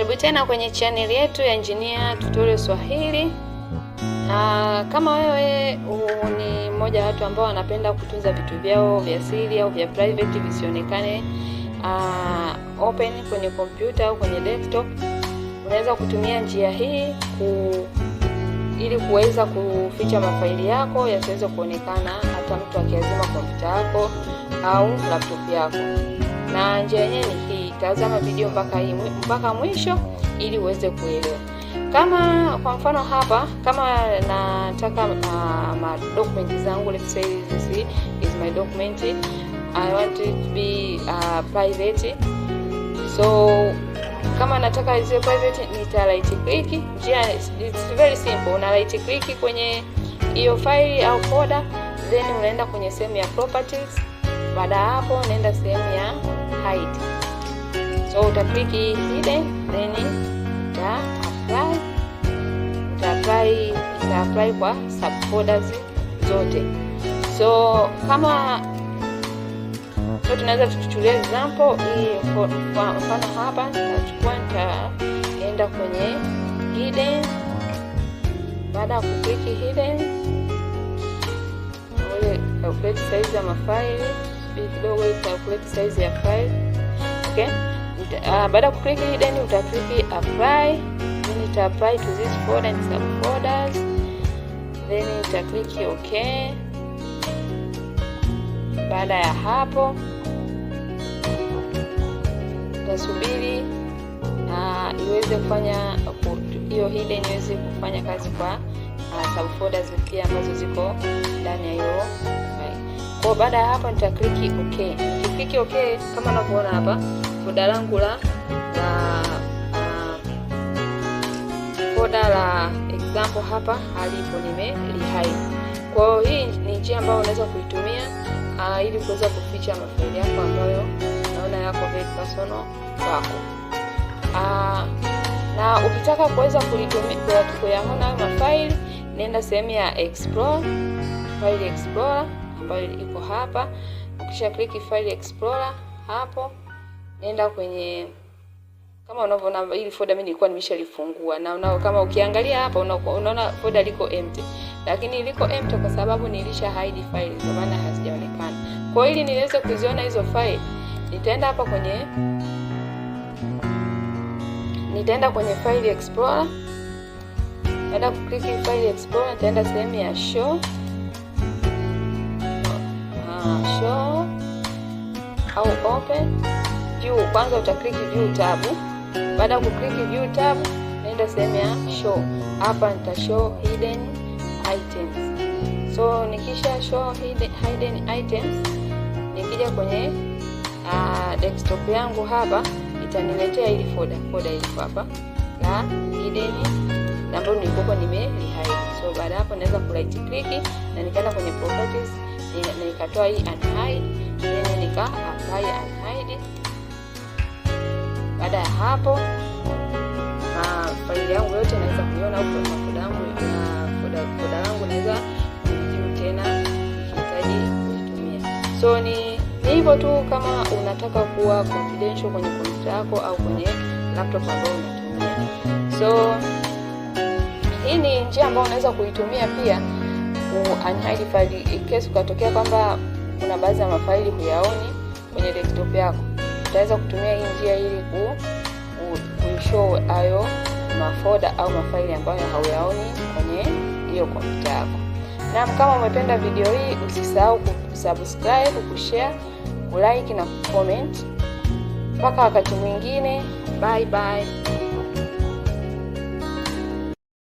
Karibu tena kwenye chaneli yetu ya Engineer Tutorial Swahili. Aa, kama wewe ni mmoja wa watu ambao wanapenda kutunza vitu vyao vya siri au vya private visionekane uh, open kwenye kompyuta au kwenye desktop, unaweza kutumia njia hii ku, ili kuweza kuficha mafaili yako yasiweze kuonekana hata mtu akiazima kompyuta yako au laptop yako na njia yenyewe ni hii. Tazama video mpaka hii mpaka mwisho ili uweze kuelewa. Kama kwa mfano hapa, kama nataka uh, ma document zangu, let's say this is my document, I want it to be uh, private. So kama nataka ziwe private, nita right click. Njia it's very simple, una right click kwenye hiyo file au folder, then unaenda kwenye sehemu ya properties baada ya hapo, nenda sehemu ya hide. So utapiki ile then uta apply, uta apply, uta apply kwa subfolders zote. So kama so, tunaweza tuchukulia example hii, kwa mfano hapa nitachukua, nitaenda kwenye hidden. Baada ya hidden, hide, calculate size ya mafaili kidogo ili calculate size ya file. Okay? Uh, baada ya kuclick then uta click apply, then ita apply to this folder and folders Then ita click okay. Baada ya hapo utasubiri uh, iweze kufanya hiyo hidden iweze kufanya kazi kwa uh, ah, subfolders pia ambazo ziko ndani ya hiyo kwa baada ya hapa nita click okay. Nikifiki okay kama unavyoona hapa foda langu la la foda um, la example hapa halipo, nimelihide. Kwa hiyo hii ni njia ambayo unaweza kuitumia uh, ili kuweza kuficha mafaili yako ambayo naona yako very personal kwako. Uh, na ukitaka kuweza kuyaona hayo mafaili, nenda sehemu ya explore, file explorer ambayo iko hapa. Ukisha click file explorer hapo, nenda kwenye kama unavyoona hili folder mimi nilikuwa nimeshalifungua na unao, kama ukiangalia hapa unaona folder liko empty, lakini liko empty kwa sababu nilisha hide file, kwa maana hazijaonekana. Kwa hiyo ili niweze kuziona hizo file, nitaenda hapa kwenye nitaenda kwenye file explorer, nitaenda kuklik file explorer, nitaenda sehemu ya show show au open juu Kwanza utaklik view tab. Baada ya kuklik view tab, naenda sehemu ya show. Hapa nita show hidden items. So nikisha show hidden, hidden items, nikija kwenye uh, desktop yangu hapa itaniletea hili folder, folder hili hapa na hidden ambayo nilikuwa nime So baada hapo naweza ku right click na nikaenda kwenye properties nikatoa hii unhide, then nika apply unhide. Baada ya hapo faili yangu yote naweza kuiona huko kwa foda yangu na foda yangu naweza kureview tena nikihitaji kuitumia. So ni ni hivyo tu, kama unataka kuwa confidential kwenye kompyuta yako au kwenye laptop ambayo unatumia. So hii ni njia ambayo unaweza kuitumia pia ku faili ikesi ukatokea kwamba kuna baadhi ya mafaili huyaoni kwenye desktop yako, utaweza kutumia hii njia ili ku ku, hayo mafoda au mafaili ambayo hauyaoni kwenye hiyo kompyuta yako. Na kama umependa video hii, usisahau kusubscribe, kushare, kulike na kucomment. Mpaka wakati mwingine, bye bye.